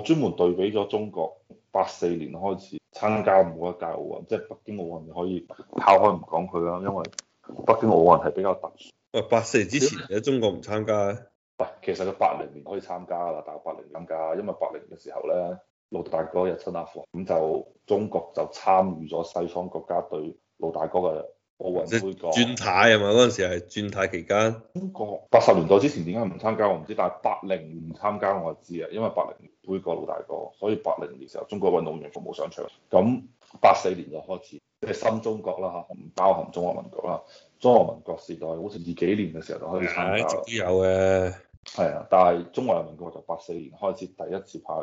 我專門對比咗中國八四年開始參加每一屆奧運，即係北京奧運你可以拋開唔講佢啦，因為北京奧運係比較特殊。喂，八四年之前喺中國唔參加嘅？喂，其實個八零年可以參加啦，但係八零年唔參加，因為八零嘅時候咧，老大哥入侵阿富汗，咁就中國就參與咗西方國家對老大哥嘅。奧運會個轉太啊嘛，嗰陣時係轉太期間。中國八十年代之前點解唔參加我唔知，但係八零年唔參加我就知啊，因為八零杯葛老大哥，所以八零年時候中國運動員服務上場。咁八四年就開始即係新中國啦嚇，包含中華民國啦。中華民國時代好似二幾年嘅時候就可以參加，有嘅。係啊，但係中華民國就八四年開始第一次派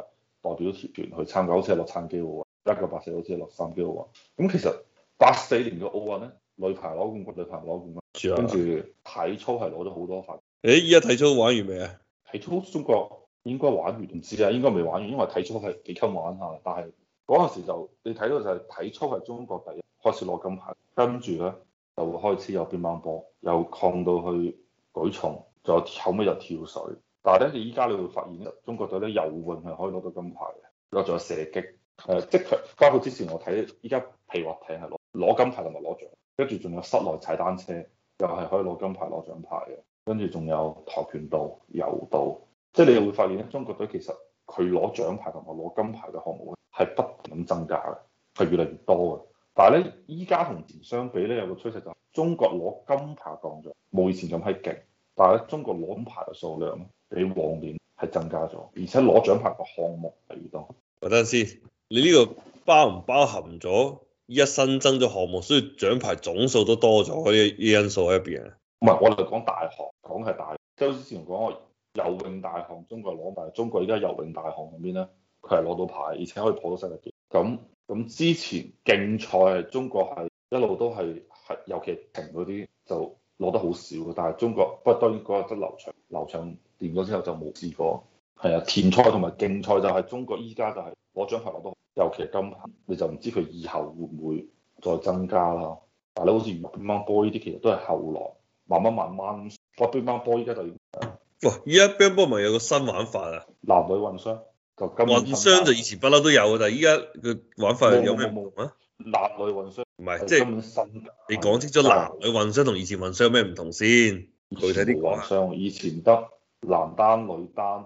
代表團去參加，好似係洛杉磯奧運，一九八四年好似係洛杉磯奧運。咁其實八四年嘅奧運咧。女排攞冠，女排攞冠啊！跟住的體操係攞咗好多分。誒，依家體操玩完未啊？體操中國應該玩完，唔知啊，應該未玩完，因為體操係幾級玩下。但係嗰陣時就你睇到就係體操係中國第一，開始攞金牌，跟住咧就會開始有乒乓波，又擴到去舉重，再後尾就跳水。但係咧，你依家你會發現中國隊咧游泳係可以攞到金牌嘅，攞咗射擊，誒，即係包括之前我睇依家皮划艇係攞攞金牌同埋攞獎。跟住仲有室內踩單車，又係可以攞金牌攞獎牌嘅。跟住仲有跆拳道、柔道，即係你又會發現咧，中國隊其實佢攞獎牌同埋攞金牌嘅項目咧，係不斷咁增加嘅，係越嚟越多嘅。但係咧，依家同前相比咧，有個趨勢就係中國攞金牌降咗，冇以前咁係勁。但係咧，中國攞獎牌嘅數量比往年係增加咗，而且攞獎牌嘅項目係越多。等陣先，你呢個包唔包含咗？依一新增咗項目，所以獎牌總數都多咗嗰啲啲因素喺入邊。唔係，我哋講大項講係大，即係好之前講過游泳大項，中國攞埋，中國而家游泳大項入邊咧，佢係攞到牌，而且可以破到世界紀錄，咁咁之前競賽，中國係一路都係係，尤其停嗰啲就攞得好少嘅。但係中國不過當然嗰日得劉翔，劉翔掂咗之後就冇試過。係啊，田賽同埋競賽就係中國依家就係，係，攞獎牌攞多。尤其今你就唔知佢以後會唔會再增加啦。但係你好似乒乓波呢啲，其實都係後來慢慢慢慢。不過乒乓波依家就，哇！依家乒乓波咪有個新玩法啊，男女混雙就今，混雙就以前不嬲都有嘅，但係依家嘅玩法有咩？有有有男女混雙唔係即係你講清楚男女混雙同以前混雙有咩唔同先？具體啲混雙、啊、以前得男單、女單，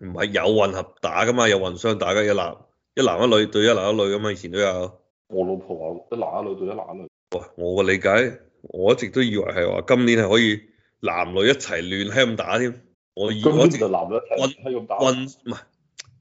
唔係有混合打㗎嘛？有混雙打嘅一男。一男一女對一男一女咁啊，以前都有。我老婆話一男一女對一男一女。我嘅理解，我一直都以為係話今年係可以男女一齊亂喺咁打添。我以前我一直混喺咁打。混唔係，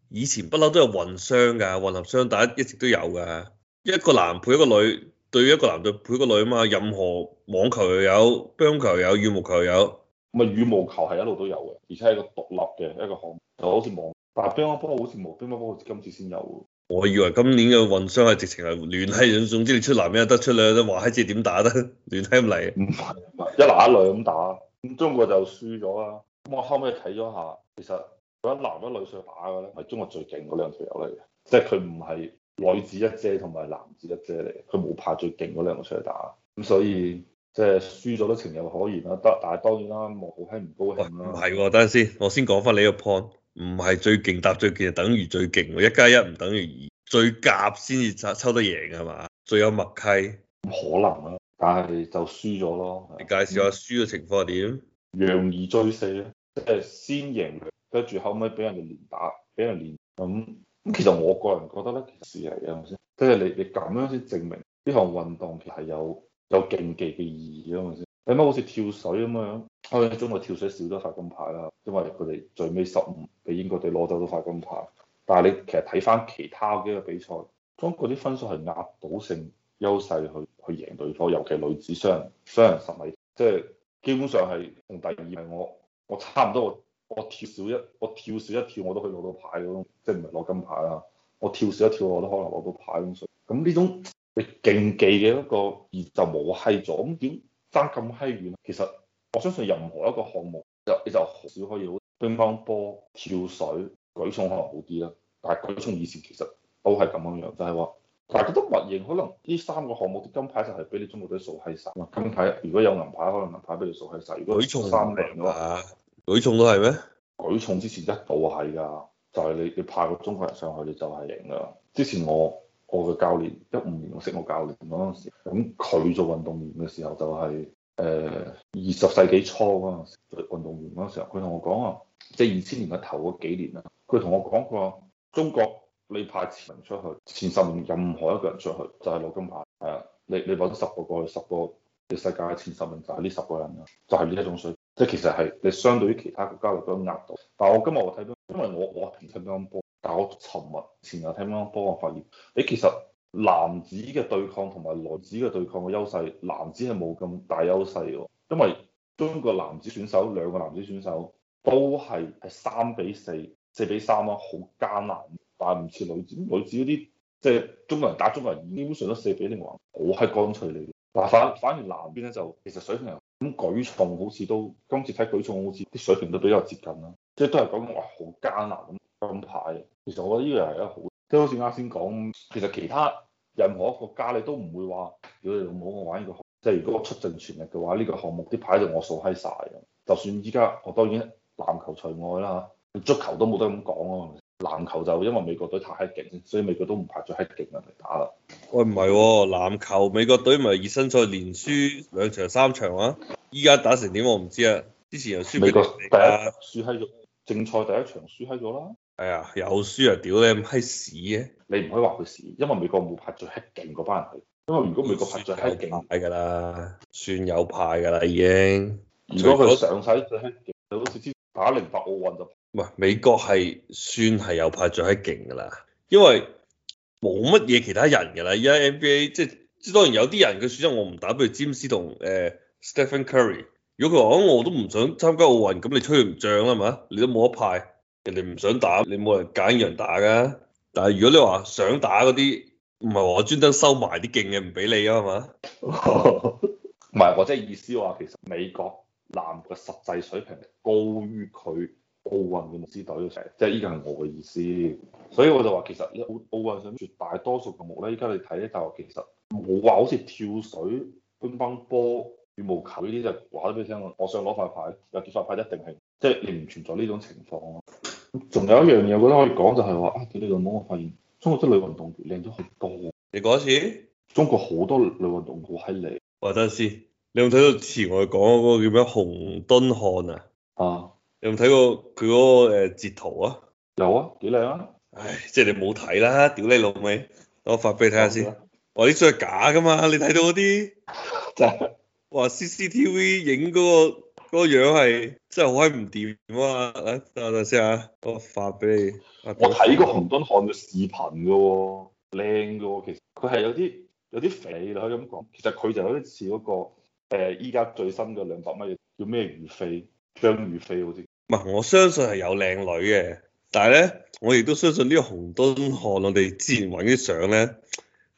以前不嬲都有混雙噶，混合雙打一直都有噶。一個男配一個女對一個男對配一個女啊嘛，任何網球又有，乒乓球又有，羽毛球又有。咪羽毛球係一路都有嘅，而且係一個獨立嘅一個項目，就好似網。但乒乓波好似冇，乒乓波好似今次先有。我以為今年嘅運輸係直情係亂閪，總之你出男嘅得出咧，都話閪知點打得亂閪嚟，唔係一男一女咁打。咁中國就輸咗啦。咁我後尾睇咗下，其實一男一,一女上嚟打嘅咧，係中國最勁嗰兩條友嚟嘅，即係佢唔係女子一姐同埋男子一姐嚟，佢冇派最勁嗰兩個出嚟打。咁所以即係輸咗都情有可原啦。得，但係當然啦，冇閪唔高興唔、啊、係，等陣先，我先講翻你個 point。唔係最勁搭最勁就等於最勁，一加一唔等於二，最夾先至抽得贏係嘛？最有默契，可能咯，但係就輸咗咯。你介紹下輸嘅情況係點？讓二追四咧，即係先贏佢，跟住後尾俾人哋連打，俾人連咁咁。其實我個人覺得咧，事實係嘅，係咪先？即係你你咁樣先證明呢項運動其實係有有競技嘅意義，係咪先？咁啊，好似跳水咁樣，香港中國跳水少咗塊金牌啦，因為佢哋最尾十五俾英國隊攞走咗塊金牌。但係你其實睇翻其他幾個比賽，中國啲分數係壓倒性優勢去去贏對方，尤其女子雙人，雙人十米，即係基本上係同第二名。我我差唔多，我我跳少一我跳少一跳我都可以攞到牌嗰種，即係唔係攞金牌啦，我跳少一跳我都可能攞到牌咁樣。咁呢種你競技嘅一個而就磨蝕咗，咁點？爭咁閪遠，其實我相信任何一個項目就你就少可以好。乒乓波、跳水、舉重可能好啲啦，但係舉重以前其實都係咁樣樣，就係、是、話，大家都默認可能呢三個項目啲金牌就係俾你中國隊數係晒。金牌如果有銀牌，可能銀牌俾你數係晒，如果話舉重三零啊，舉重都係咩？舉重之前一度係㗎，就係、是、你你派個中國人上去你就係贏㗎喇。之前我。我嘅教練，一五年我識我教練嗰陣時，咁佢做運動員嘅時候就係誒二十世紀初嗰陣時做運動員嗰陣時候，佢同我講啊，即係二千年嘅頭嗰幾年啊，佢同我講過，中國你派前出去，前十名任何一個人出去就係、是、攞金牌，係啊，你你攞咗十個過去，十個你世界嘅前十名就係呢十個人啊。就係、是、呢一種水，即係其實係你相對於其他國家嚟講壓到。但係我今日我睇到，因為我我係平身乒乓波。但我尋日前日聽啱波，幫我發現，誒、欸、其實男子嘅對抗同埋女子嘅對抗嘅優勢，男子係冇咁大優勢嘅，因為中國男子選手兩個男子選手都係係三比四、四比三啊，好艱難，但係唔似女子女子嗰啲，即係中國人打中國人，基本上都四比零還好閪乾脆嚟。嗱，反反而南邊咧就其實水平，咁舉重好似都今次睇舉重好似啲水平都比較接近啦，即係都係講緊話好艱難咁。呢我依個係一好，即係好似啱先講，其實其他任何一個國家你都唔會話，如果你冇我玩呢個，即係如果我出盡全力嘅話，呢、呢個項目啲牌就我掃閪曬。就算依家我當然籃球除外啦，足球都冇得咁講啊。籃球就因為美國隊太勁，所以美國都唔派最閪勁人嚟打啦。喂，唔係、哦，籃球美國隊咪熱身賽連輸兩場三場啊！依家打成點我唔知啊。之前又輸、啊、美國第一輸閪咗，正賽第一場輸閪咗啦。係啊、哎，有輸啊，屌咧，批屎啊！你唔可以話佢屎，因為美國冇派最閪勁嗰班人去。因為如果美國派最閪勁，派噶啦，算有派噶啦已經。如果佢上晒啲最閪勁，就好似之前打零八奧運就唔係美國係算係有派最閪勁噶啦，因為冇乜嘢其他人噶啦。而家 NBA 即係，當然有啲人嘅選擇我唔打，譬如詹姆斯同誒 Stephen Curry。如果佢話、啊、我都唔想參加奧運，咁你吹唔漲啦嘛？你都冇得派。人哋唔想打，你冇人揀人打噶。但係如果你話想打嗰啲，唔係我專登收埋啲勁嘅唔俾你啊，係嘛？唔係， 我即係意思話，其實美國男嘅實際水平高於佢奧運嘅隊，即係依個係我嘅意思。所以我就話，其實你奧奧運上絕大多數嘅目咧，依家你睇咧就其實冇話好似跳水、乒乓波、羽毛球呢啲就話得俾你聽，我想攞塊牌、牌，有攞塊牌一定係即係你唔存在呢種情況。仲有一樣嘢，我覺得可以講就係話啊，屌你老母！我發現中國啲女運動員靚咗好多。你講一次？中國好多女運動好犀利。我話等陣先，你有冇睇到前我哋講嗰個叫咩洪墩漢啊？啊！你有冇睇過佢嗰個誒截圖啊？有啊，幾靚啊！唉，即係你冇睇啦，屌你老味，我發俾你睇下先。我啲相係假㗎嘛，你睇到嗰啲就係話 CCTV 影嗰個。個樣係真係好閪唔掂啊！等我等先啊，我發俾你。我睇過紅墩漢嘅視頻嘅喎，哦，靚嘅喎。其實佢係有啲有啲肥，你可以咁講。其實佢就有啲似嗰個誒依家最新嘅兩百米叫咩？羽飛，張羽飛好似。唔係，我相信係有靚女嘅，但係咧，我亦都相信呢個紅墩漢我哋之前揾啲相咧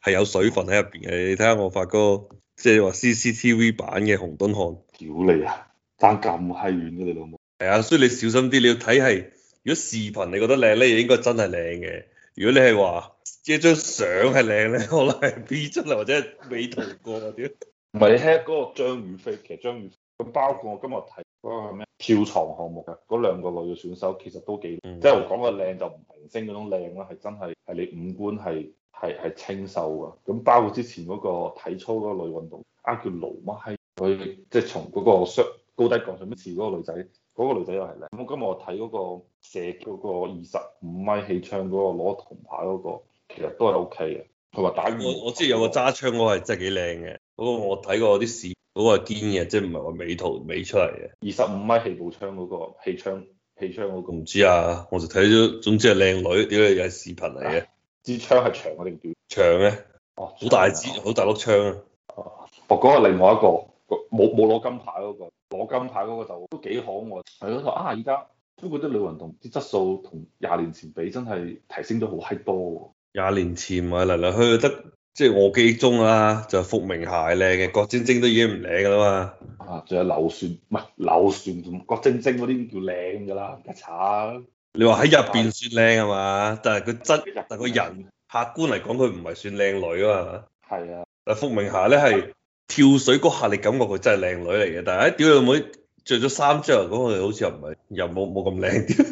係有水分喺入邊嘅。你睇下我發，嗰個即係話 C C T V 版嘅紅墩漢屌你啊！但咁閪遠嘅你老母，係啊，所以你小心啲，你要睇係，如果視頻你覺得靚咧，應該真係靚嘅。如果你係話即係張相係靚咧，可能係 P 真啊，或者美圖過屌。唔係你聽嗰個章魚飛。其實章魚飛咁包括我今日睇嗰個咩跳牀項目嘅嗰兩個女選手，其實都幾即係我講個靚就唔係明星嗰種靚啦，係真係係你五官係係係清秀㗎。咁包括之前嗰個體操嗰女運動啊，叫盧乜閪佢即係從嗰、嗰個高低槓上次嗰個女仔，嗰個女仔又係靚。咁今日我睇嗰個射嗰個二十五米氣槍嗰個攞銅牌嗰個，其實都係 OK 嘅。佢話打完我我知有個揸槍嗰個係真係幾靚嘅。嗰個我睇過啲視，嗰個係堅嘅，即係唔係話美圖美出嚟嘅。二十五米氣步槍嗰個氣槍氣槍嗰個唔知啊，我就睇咗，總之係靚女。點解又係視頻嚟嘅？支槍係長定短？長咩。哦，好大支，好大碌槍啊！哦、啊，哦，嗰個另外一個。冇冇攞金牌嗰個，攞金牌嗰個就都幾可愛。喺嗰度啊，而家都覺得女運動啲質素同廿年前比，真係提升咗好閪多，啊。廿年前啊嚟嚟去去得，即係、就是、我記憶中啊，就伏明霞靚嘅，郭晶晶都已經唔靚噶啦嘛。啊，仲有劉璇唔係劉璇，郭晶晶嗰啲叫靚噶啦，一炒。你話喺入邊算靚係嘛？但係佢質，但個人客觀嚟講，佢唔係算靚女啊嘛。係啊。嗱，伏明霞咧係。跳水嗰下，你感覺佢真係靚女嚟嘅，但係喺、哎、屌你妹着咗三張，咁佢好似又唔係又冇冇咁靚。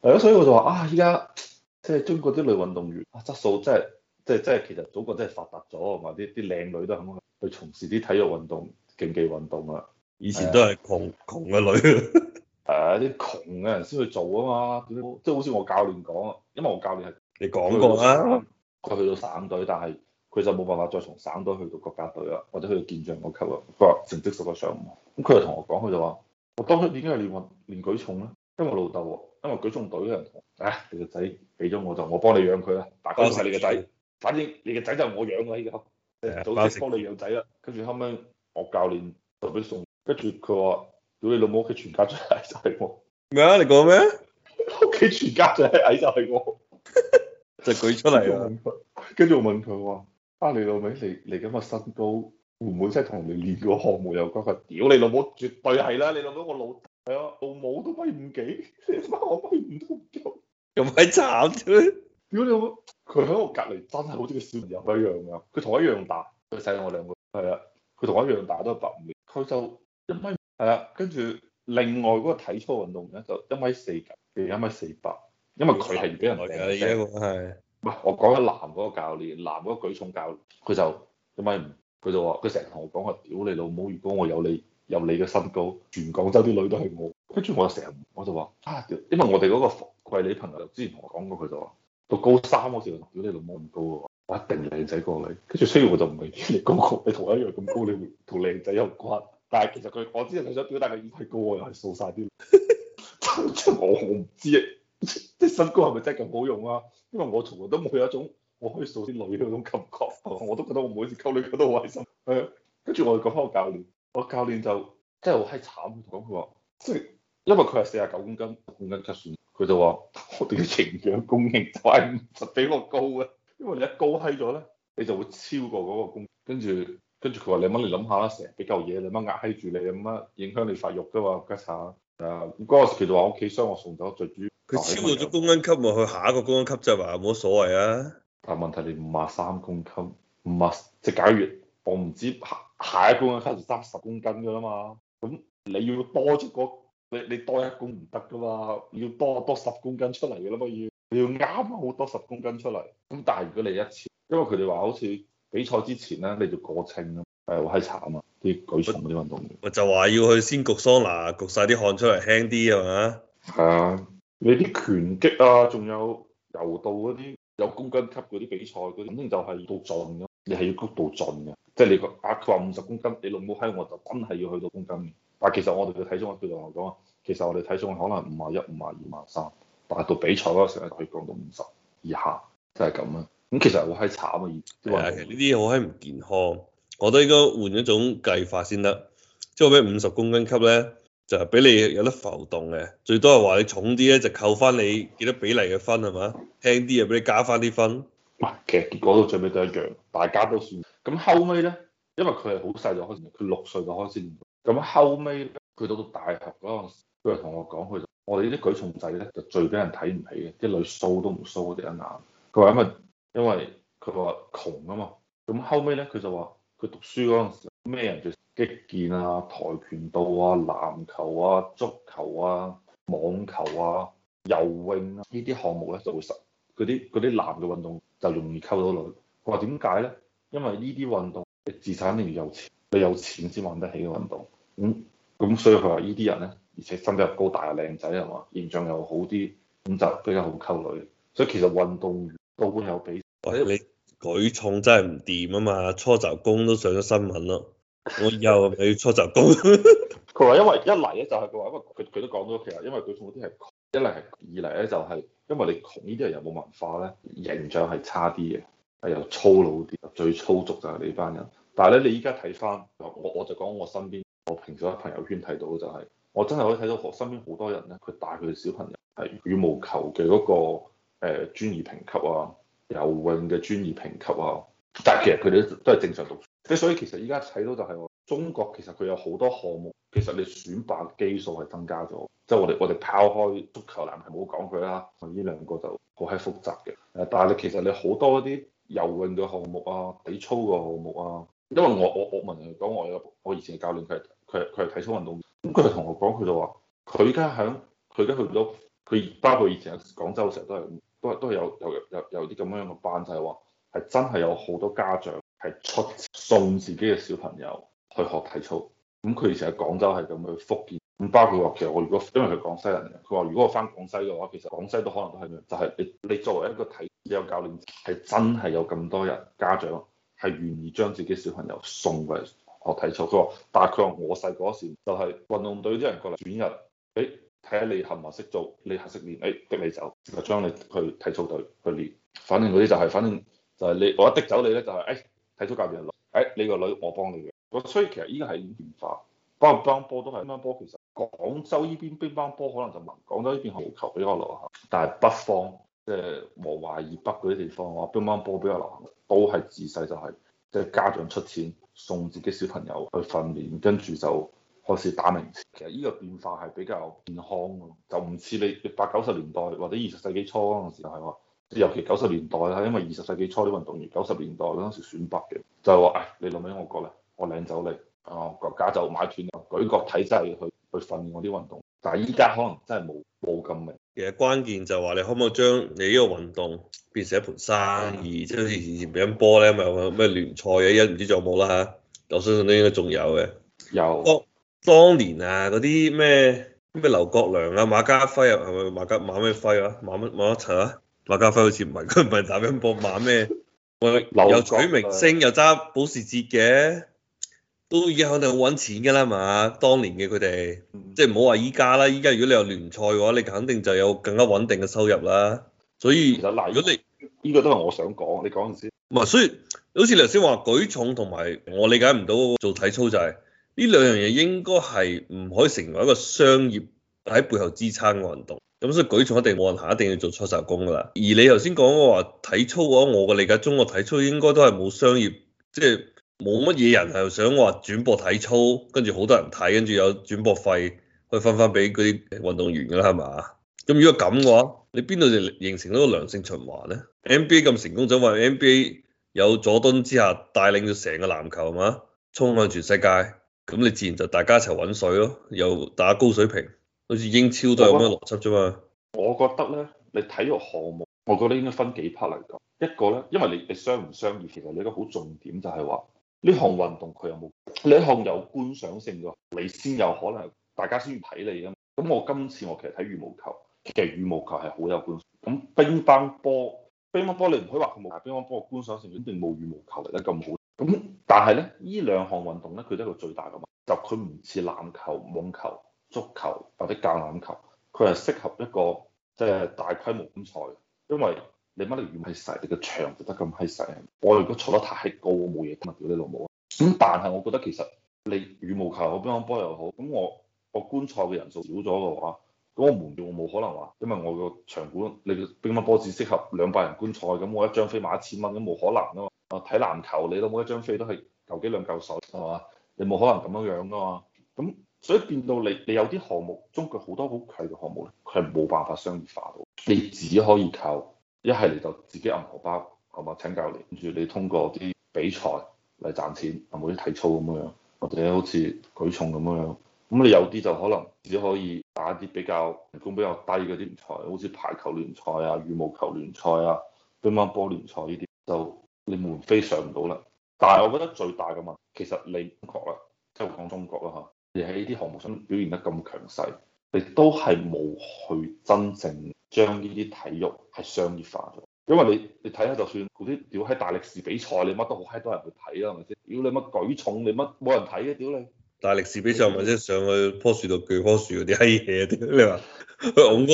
係咯，所以我就話啊，依家即係中國啲女運動員啊，質素真係即係即係其實祖國真係發達咗，同埋啲啲靚女都肯去從事啲體育運動、競技運動啊。以前都係窮窮嘅女，係啊，啲窮嘅、啊 啊、人先去做啊嘛。即係好似我教練講啊，因為我教練係你講過啦，佢去到省隊，但係。佢就冇辦法再從省隊去到國家隊啦，或者去到健將嗰級啦。佢話成績數都上唔到。咁佢就同我講，佢就話：我當初已經係練運、練舉重啦。因為老豆喎，因為舉重隊嘅人啊。唉、哎，你個仔俾咗我就，我幫你養佢啦。大家都係你個仔，反正你個仔就我養啦。依家早知幫你養仔啦。跟住後尾我教練就俾送。跟住佢話：如果你老母屋企全家長矮就係我咩啊？你講咩？屋企 全家長矮就係我， 就舉出嚟。跟住我問佢話。啊！你老味，你你咁嘅身高，會唔會真係同你練個項目有關？屌你老母，絕對係啦！你老母我老，係啊，我母都米唔幾，你媽我米五都唔夠，咁鬼慘添！屌你老母，佢喺我隔籬真係好似個小朋友一樣㗎，佢同我一樣大，佢細我兩個，係啊，佢同我一樣大都係百五佢就一米，係、嗯、啊，跟住另外嗰個體操運動員就一米四九，一米四八，因為佢係俾人頂,頂、啊。係我講緊男嗰個教練，男嗰個舉重教練，佢就一米五，佢就話佢成日同我講話，屌你老母！如果我有你有你嘅身高，全廣州啲女都係我。跟住我就成日我就話啊，屌！因為我哋嗰個桂林朋友 之前同我講過，佢就話讀高三嗰時就屌你老母咁高喎，我一定靚仔過你。跟住雖然後後我就唔係高過你高，你同我一樣咁高，你同靚仔有唔關。但係其實佢我知佢想表達嘅意思高我又係數晒啲。真 係我我唔知啊。即身高係咪真係咁好用啊？因為我從來都冇有一種我可以數啲女嗰種感覺，我都覺得我每次溝女我都好畏身。誒，跟住我去講翻我教練，我教練就真係好閪慘。佢講佢話，即係因為佢係四十九公斤，公斤級算，佢就話我哋嘅營養供應就係唔使比我高嘅，因為你一高閪咗咧，你就會超過嗰個供。跟住，跟住佢話你掹嚟諗下啦，成日俾嚿嘢你掹壓閪住你，掹影響你發育㗎嘛，閪啊！嗰個時其實話屋企商我送走，最主要佢超過咗公斤級嘛，去下一個公斤級就話冇所謂啊。但係問題你唔話三公斤，唔話即係假如我唔知下下一公斤級就三十公斤噶啦嘛，咁你要多咗個你你多一公唔得噶嘛，要多多十公斤出嚟噶啦嘛，要你要啱好多十公斤出嚟。咁但係如果你一次，因為佢哋話好似比賽之前咧，你就過秤啊，係我閪慘啊。啲舉重嗰啲運動員，我就話要去先焗桑拿，焗晒啲汗出嚟輕啲係嘛？係啊，你啲拳擊啊，仲有柔道嗰啲有公斤級嗰啲比賽嗰啲，肯定就係到盡咁。你係要焗到盡嘅，即係你個壓佢話五十公斤，你老母喺我就真係要去到公斤。但係其實我哋嘅體重，我對同學講啊，其實我哋體重可能五萬一、五萬二、萬三，但係到比賽嗰時佢降到五十以下，就係咁啦。咁其實好閪慘嘅、啊。而啲運動。係啊，其實呢啲好閪唔健康。我覺得應該換一種計法先得，即係咩五十公斤級咧，就係俾你有得浮動嘅，最多係話你重啲咧就扣翻你幾多比例嘅分係嘛？輕啲啊俾你加翻啲分。唔其實結果到最尾都一樣，大家都算。咁後尾咧，因為佢係好細就開始，佢六歲就開始。咁後尾，佢到到大學嗰陣，佢就同我講，佢就我哋呢啲舉重仔咧就最俾人睇唔起嘅，啲女掃都唔掃佢一眼。佢話因為因為佢話窮啊嘛。咁後尾咧，佢就話。佢讀書嗰陣時，咩人最擊劍啊、跆拳道啊、籃球啊、足球啊、網球啊、游泳啊，呢啲項目咧就會實，嗰啲嗰啲男嘅運動就容易溝到女。佢話點解咧？因為呢啲運動自產定要有錢，你有錢先玩得起嘅運動。咁咁所以佢話呢啲人咧，而且身體又高大又靚仔係嘛，形象又好啲，咁就比較好溝女。所以其實運動員都會有比。舉重真係唔掂啊嘛，初雜工都上咗新聞咯， 我又係咪搓雜工？佢話因為一嚟咧就係佢話，因為佢佢都講到，其實因為舉重嗰啲係窮，一嚟係，二嚟咧就係，因為你窮呢啲人又冇文化咧，形象係差啲嘅，係又粗魯啲，最粗俗就係呢班人。但係咧，你依家睇翻，我我就講我身邊，我平時喺朋友圈睇到就係、是，我真係可以睇到我身邊好多人咧，佢帶佢嘅小朋友係羽毛球嘅嗰、那個誒專業評級啊。游泳嘅專業評級啊，但係其實佢哋都都係正常讀書，即所以其實依家睇到就係中國其實佢有好多項目，其實你選拔嘅基數係增加咗，即係我哋我哋拋開足球、籃球冇講佢啦，呢兩個就好閪複雜嘅。誒，但係你其實你好多啲游泳嘅項目啊、體操嘅項目啊，因為我我我問佢講我有我以前嘅教練佢係佢係佢係體操運動，咁佢就同我講佢就話，佢依家響佢而家去唔到佢包括以前喺廣州嘅時候都係。都都有有有有啲咁樣嘅班，就係話係真係有好多家長係出送自己嘅小朋友去學體操。咁佢以前喺廣州係咁去復健，咁包括話其實我如果因為佢廣西人嘅，佢話如果我翻廣西嘅話，其實廣西都可能都係，就係、是、你你作為一個體育教練，係真係有咁多人家長係願意將自己小朋友送過嚟學體操。佢話，但係佢話我細個嗰時就係運動隊啲人過嚟轉入，誒、欸。睇下你合唔合適做，你合適練，誒，逼你走，就將你去體操隊去練。反正嗰啲就係，反正就係你，我一逼走你咧就係，誒，體操教練，誒，你個女我幫你嘅。我所以其實依個係變化。乒乓，乓波都係，乒乓波其實廣州依邊乒乓波可能就唔，廣州依邊好球比較流行，但係北方，即係淮河以北嗰啲地方，我話乒乓波比較流行，都係自細就係，即係家長出錢送自己小朋友去訓練，跟住就。嗰時打明，其實呢個變化係比較健康嘅，就唔似你八九十年代或者二十世紀初嗰陣時係話，尤其九十年代係因為二十世紀初啲運動員，九十年代嗰陣時選拔嘅就係話，誒、哎、你攞咩我攞嚟，我領走你，啊國家就買斷，舉國體制去去訓練我啲運動，但係依家可能真係冇冇咁明，其實關鍵就係話你可唔可以將你呢個運動變成一盤生意，即係好似以前乒乓波咧咪話咩聯賽嘅，一唔知仲有冇啦嚇，我相信都應該仲有嘅，有。當年啊，嗰啲咩咩劉國梁啊，馬家輝啊，係咪馬家馬咩輝啊？馬乜馬德才啊？馬家輝好似唔係佢唔係打緊波馬咩？喂、 啊，又舉明星又揸保時捷嘅，啊，都已經肯定好搵錢噶啦嘛！當年嘅佢哋，即係唔好話依家啦。依家如果你有聯賽嘅話，你肯定就有更加穩定嘅收入啦。所以其實嗱，如果你呢個都係我想講，你講先。唔係，所以好似頭先話舉重同埋，我理解唔到做體操就係、是。呢兩樣嘢應該係唔可以成為一個商業喺背後支撐嘅運動，咁所以舉重一定冇人一定要做粗手工噶啦。而你頭先講過話體操嘅話，我嘅理解中國體操應該都係冇商業，即係冇乜嘢人係想話轉播體操，跟住好多人睇，跟住有轉播費可以分翻俾嗰啲運動員㗎啦，係嘛？咁如果咁嘅話，你邊度就形成到個良性循環咧？NBA 咁成功，就話 NBA 有佐敦之下帶領咗成個籃球係嘛，衝向全世界。咁你自然就大家一齊搵水咯，又打高水平，好似英超都係咁嘅邏輯啫嘛。我覺得咧，你體育項目，我覺得應該分幾 part 嚟講。一個咧，因為你你商唔商業，其實你一個好重點就係話，呢項運動佢有冇呢項有觀賞性嘅，你先有可能大家先要睇你啊。咁我今次我其實睇羽毛球，其實羽毛球係好有觀。咁乒乓波，乒乓波你唔可以話佢冇，但係乒乓波嘅觀賞性肯定冇羽毛球嚟得咁好。咁但係咧，呢兩項運動咧，佢都係一個最大嘅問題，就佢唔似籃球、網球、足球或者橄欖球，佢係適合一個即係、就是、大規模觀賽，因為你乜嘢唔係細，你個場就得咁閪細，我如果坐得太高，我冇嘢睇噶嘛，屌你老母啊！咁、嗯、但係我覺得其實你羽毛球，冰冰球好，乒乓波又好，咁我我觀賽嘅人數少咗嘅話，嗰個門票冇可能話，因為我個場館，你乒乓波只適合兩百人觀賽，咁我一張飛買一千蚊，咁冇可能啊嘛～啊！睇籃球，你都每一張飛都係嚿幾兩嚿水，係嘛？你冇可能咁樣樣噶嘛？咁所以變到你，你有啲項目，中國好多好攰嘅項目咧，佢係冇辦法商業化到，你只可以靠一係你就自己暗荷包，係嘛？請教練，跟住你通過啲比賽嚟賺錢，啊冇啲體操咁樣樣，或者好似舉重咁樣樣，咁你有啲就可能只可以打啲比較人工比較低嗰啲賽，好似排球聯賽啊、羽毛球聯賽啊、乒乓波聯賽呢啲就。你門飛上唔到啦，但係我覺得最大嘅問題其實你中國啦，即係講中國啦嚇，你喺呢啲項目上表現得咁強勢，你都係冇去真正將呢啲體育係商業化咗，因為你你睇下就算嗰啲屌喺大力士比賽，你乜都好閪多人去睇啊，係咪先？屌你乜舉重你乜冇人睇嘅。屌你！大力士比賽咪即係上去樖樹度舉棵樹嗰啲閪嘢，你話，往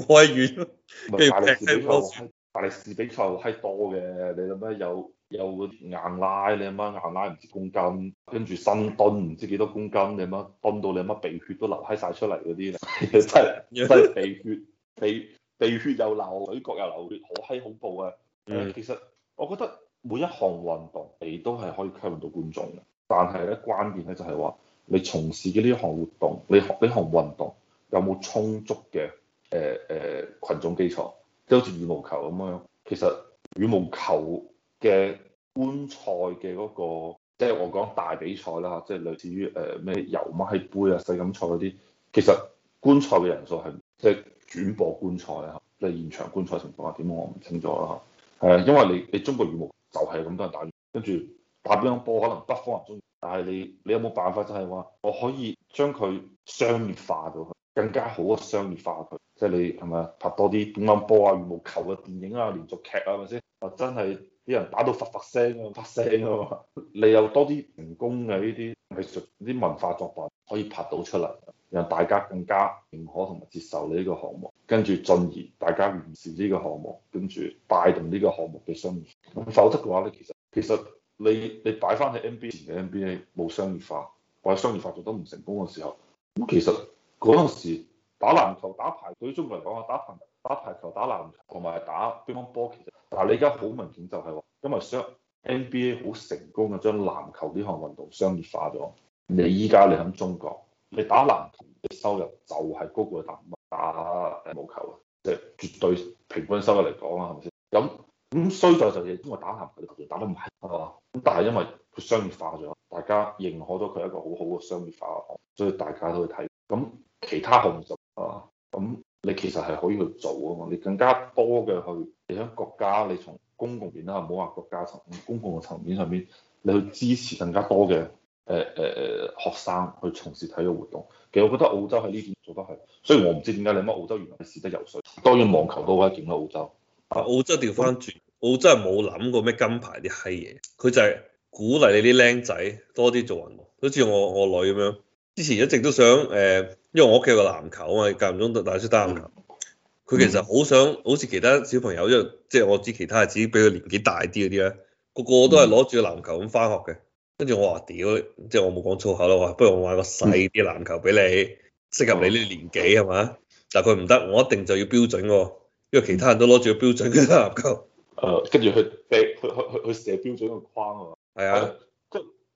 開遠大力士比賽好閪多嘅，你諗下有有硬拉，你諗下硬拉唔知公斤，跟住深蹲唔知幾多公斤，你諗下蹲到你諗下鼻血都流閪晒出嚟嗰啲，真係 鼻血鼻鼻血又流，嘴角又流血流，好閪恐怖啊！的嗯，其實我覺得每一項運動你都係可以吸引到觀眾嘅，但係咧關鍵咧就係話你從事嘅呢一項活動，你呢項運動有冇充足嘅誒誒群眾基礎？即好似羽毛球咁樣，其實羽毛球嘅觀賽嘅嗰個，即係我講大比賽啦即係類似於誒咩尤麥杯啊、世錦賽嗰啲，其實觀賽嘅人數係即係轉播觀賽啊，即係現場觀賽情況係點，我唔清楚啦嚇。係啊，因為你你中國羽毛球就係咁多人打，跟住打邊個波可能北方人中意。但係你你有冇辦法就係話我可以將佢商業化咗佢，更加好嘅商業化佢？即係你係咪啊？拍多啲乒乓球啊、羽毛球嘅、啊、電影啊、連續劇啊，咪先？啊，真係啲人打到發發聲啊，發聲啊嘛！你有多啲成功嘅呢啲藝術、啲文化作品可以拍到出嚟，讓大家更加認可同埋接受你呢個項目，跟住進而大家完善呢個項目，跟住帶動呢個項目嘅商業。咁否則嘅話咧，其實其實你你擺翻去 NBA 前嘅 NBA 冇商業化，或者商業化做得唔成功嘅時候，咁其實嗰陣時。打籃球、打排隊，中國嚟講啊，打排打排球、打籃球同埋打乒乓波，其實嗱，但你而家好明顯就係話，因為 NBA 好成功嘅將籃球呢項運動商業化咗。你依家你喺中國，你打籃球嘅收入就係高過打打羽毛球嘅，即係絕對平均收入嚟講啊，係咪先？咁咁衰在就係因為打籃球仲打得唔係嘛，但係因為佢商業化咗，大家認可咗佢係一個好好嘅商業化嘅項目，所以大家都去睇。咁其他項目就～啊，咁、嗯、你其實係可以去做啊嘛，你更加多嘅去，你喺國家，你從公共面啦，唔好話國家層，公共嘅層面上面，你去支持更加多嘅誒誒誒學生去從事體育活動。其實我覺得澳洲喺呢點做得係，雖然我唔知點解你乜澳洲原來係擅得游水，當然網球嗰位掂啦，澳洲。啊，澳洲調返轉，那澳洲係冇諗過咩金牌啲閪嘢，佢就係鼓勵你啲僆仔多啲做運動，好似我我女咁樣，之前一直都想誒。呃因為我屋企有個籃球啊嘛，間唔中都帶出打籃球。佢、嗯、其實好想，好似其他小朋友，因為即係我知其他係指比佢年紀大啲嗰啲咧，個個都係攞住個籃球咁返學嘅。跟住我，我話：屌，即係我冇講粗口咯。話不如我買個細啲籃球俾你，適合你呢年紀係嘛？但係佢唔得，我一定就要標準喎、哦。因為其他人都攞住個標準嘅籃球。誒、嗯，跟住佢俾佢佢射標準嘅框喎。係啊。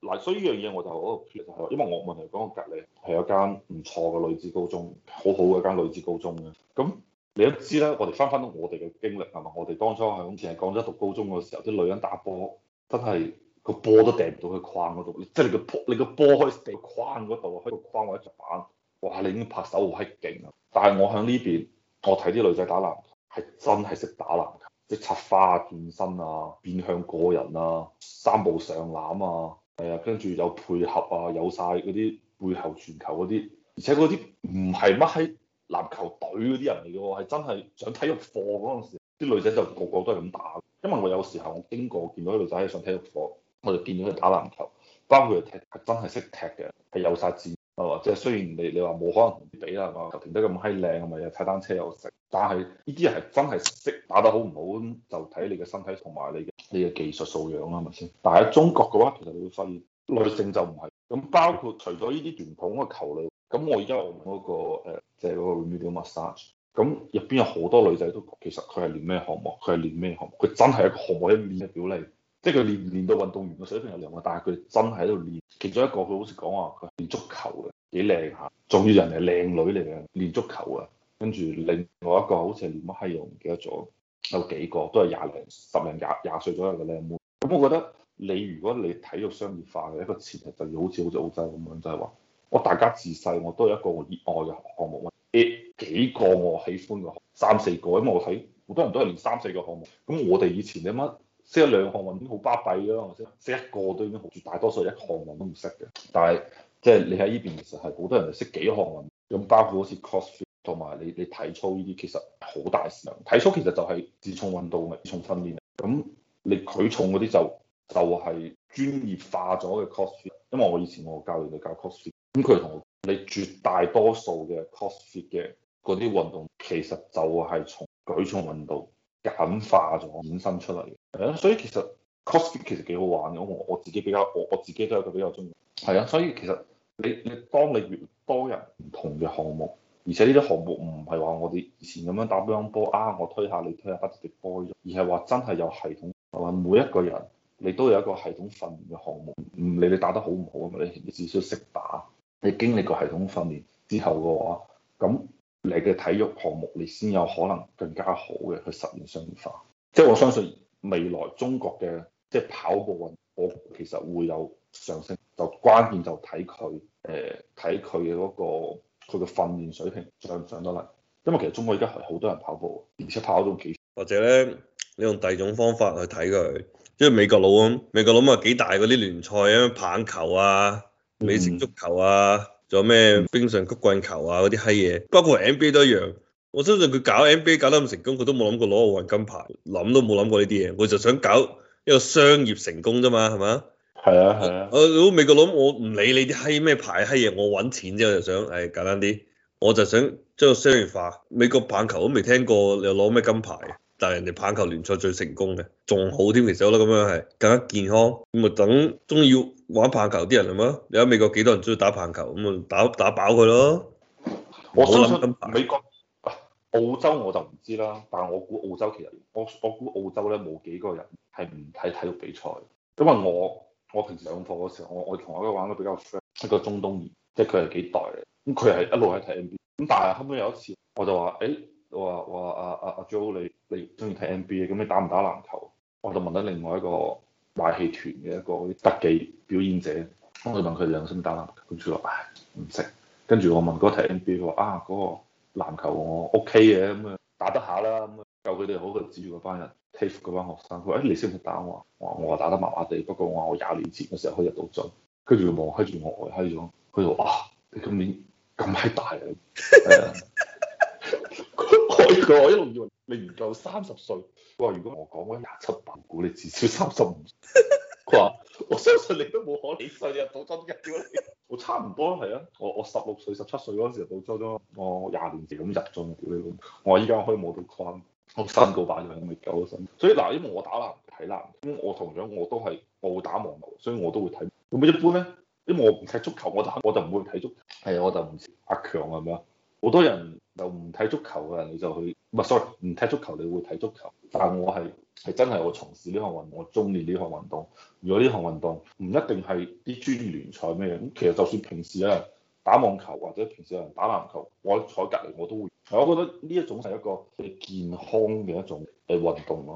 嗱，所以呢樣嘢我就覺得其實係，因為我問題講個隔籬係有間唔錯嘅女子高中，好好嘅一間女子高中嘅。咁你都知啦，我哋返返到我哋嘅經歷係咪？我哋當初喺以前喺廣州讀高中嘅時候，啲女人打波真係、個波都掟唔到去框嗰度，即係你個波你個波可以喺框嗰度，喺個框或一隻板。哇！你已經拍手好閪勁啦。但係我喺呢邊，我睇啲女仔打籃球係真係識打籃球，識插花啊、健身啊、變向過人啊、三步上籃啊。係啊，跟住有配合啊，有晒嗰啲背後傳球嗰啲，而且嗰啲唔係乜閪籃球隊嗰啲人嚟嘅喎，係真係上體育課嗰陣時，啲女仔就個個都係咁打。因為我有時候我經過我見到啲女仔喺上體育課，我就見到佢打籃球，包括踢真係識踢嘅，係有晒姿啊，即係雖然你你話冇可能同佢比啦嘛，球停得咁閪靚，咪又踩單車又食。但係呢啲係真係識打得好唔好，就睇你嘅身體同埋你嘅。你嘅技術素養啦，係咪先？但係喺中國嘅話，其實你會發現女性就唔係咁。包括除咗呢啲傳統嘅球類，咁我而家我嗰個誒，即係嗰個 remedial massage，咁入邊有好多女仔都其實佢係練咩項目，佢係練咩項目，佢真係一個項目一面嘅表裏，即係佢練練到運動員嘅水平又靚喎，但係佢真係喺度練。其中一個佢好似講話佢係練足球嘅，幾靚下，仲要人係靚女嚟嘅，練足球啊。跟住另外一個好似係練乜閪，我唔記得咗。有幾個都係廿零十零廿廿歲左右嘅僆妹，咁我覺得你如果你睇到商業化嘅一個前提，就要好似好似澳洲咁樣，就係話我大家自細我都有一個我熱愛嘅項目，啊幾個我喜歡嘅三四個，因為我睇好多人都係練三四個項目。咁我哋以前僆妹識咗兩項運動好巴閉咯，我識識一個都已經好，絕大多數係一項運動都唔識嘅。但係即係你喺呢邊其實係好多人識幾項運動，咁包括好似 CrossFit 同埋你你體操呢啲其實好大事，體操其實就係自重運動、自重訓練。咁你舉重嗰啲就就係、是、專業化咗嘅 crossfit，因為我以前我教練就教 crossfit，咁佢同我你絕大多數嘅 crossfit 嘅嗰啲運動其實就係從舉重運動簡化咗衍生出嚟。係啊，所以其實 crossfit 其實幾好玩嘅，我我自己比較我我自己都有個比較中意。係啊，所以其實你你當你越多人唔同嘅項目。而且呢啲項目唔係話我哋以前咁樣打乒乓波啊，我推下你推下不直波咁，而係話真係有系統，係咪？每一個人你都有一個系統訓練嘅項目，唔理你打得好唔好啊嘛，你你至少識打，你經歷過系統訓練之後嘅話，咁你嘅體育項目你先有可能更加好嘅去實現商業化。即係我相信未來中國嘅即係跑步運運動我其實會有上升，就關鍵就睇佢誒睇佢嘅嗰個。佢嘅訓練水平上唔上得嚟，因為其實中國而家係好多人跑步，而且跑到幾，或者咧，你用第二種方法去睇佢，即係美國佬咁，美國佬啊幾大嗰啲聯賽啊，棒球啊，美式足球啊，仲有咩冰上曲棍球啊嗰啲閪嘢，包括 NBA 都一樣。我相信佢搞 NBA 搞得咁成功，佢都冇諗過攞奧運金牌，諗都冇諗過呢啲嘢，佢就想搞一個商業成功啫嘛，係咪？係啊係啊，啊如果美國佬，我唔理你啲閪咩牌閪嘢，我搵錢之後我就想，誒、哎、簡單啲，我就想將個商業化。美國棒球都未聽過，你又攞咩金牌？但係人哋棒球聯賽最成功嘅，仲好添，其實我覺得咁樣係更加健康。咁咪等中意玩棒球啲人係嘛？你喺美國幾多人中意打棒球？咁咪打打飽佢咯。我冇諗美國，澳洲我就唔知啦，但係我估澳洲其實，我我估澳洲咧冇幾個人係唔睇體育比賽，咁為我。我平時上課嗰時候，我我同我都玩得比較 friend 一個中東人，即係佢係幾代嘅，咁佢係一路喺睇 NBA，咁但係後尾有一次我就話，誒、欸、我話話阿阿阿 Joe 你，你中意睇 NBA，咁你打唔打籃球？我就問咗另外一個大戲團嘅一,一個特技表演者，咁佢問佢兩身打籃球，佢話唔識。跟住我問嗰個睇 NBA，佢話啊嗰、嗰個籃球我 OK 嘅，咁啊打得下啦，咁啊夠佢哋好嘅，指住嗰班人。欺負嗰班學生，佢誒，你識唔識打我？我我打得麻麻地，不過我我廿年前嗰時候可以入到樽，跟住佢望閪住我呆閪咗，佢話哇你今年咁閪大啊，係啊，我我一路以為你唔夠三十歲，佢話如果我講我廿七八股，你至少三十五，佢話我相信你都冇可能你入到樽嘅，我差唔多係啊，我我十六歲十七歲嗰時入到樽咯，我廿年前咁入樽屌你，我依家可以摸到框。」三個我新高版嘅咪夠新，所以嗱，因為我打籃睇籃，咁我同樣我都係我會打網球，所以我都會睇。咁一般咧，因為我唔踢足球，我就我就唔會睇足球。係啊，我就唔似阿強啊咁樣。好多人就唔睇足球嘅人，你就去唔係，sorry，唔踢足球你會睇足球。但係我係係真係我從事呢項運動，我中意呢項運動。如果呢項運動唔一定係啲專業聯賽咩咁，其實就算平時有人打網球或者平時有人打籃球，我坐隔離我都會。我覺得呢一種係一個健康嘅一種運動。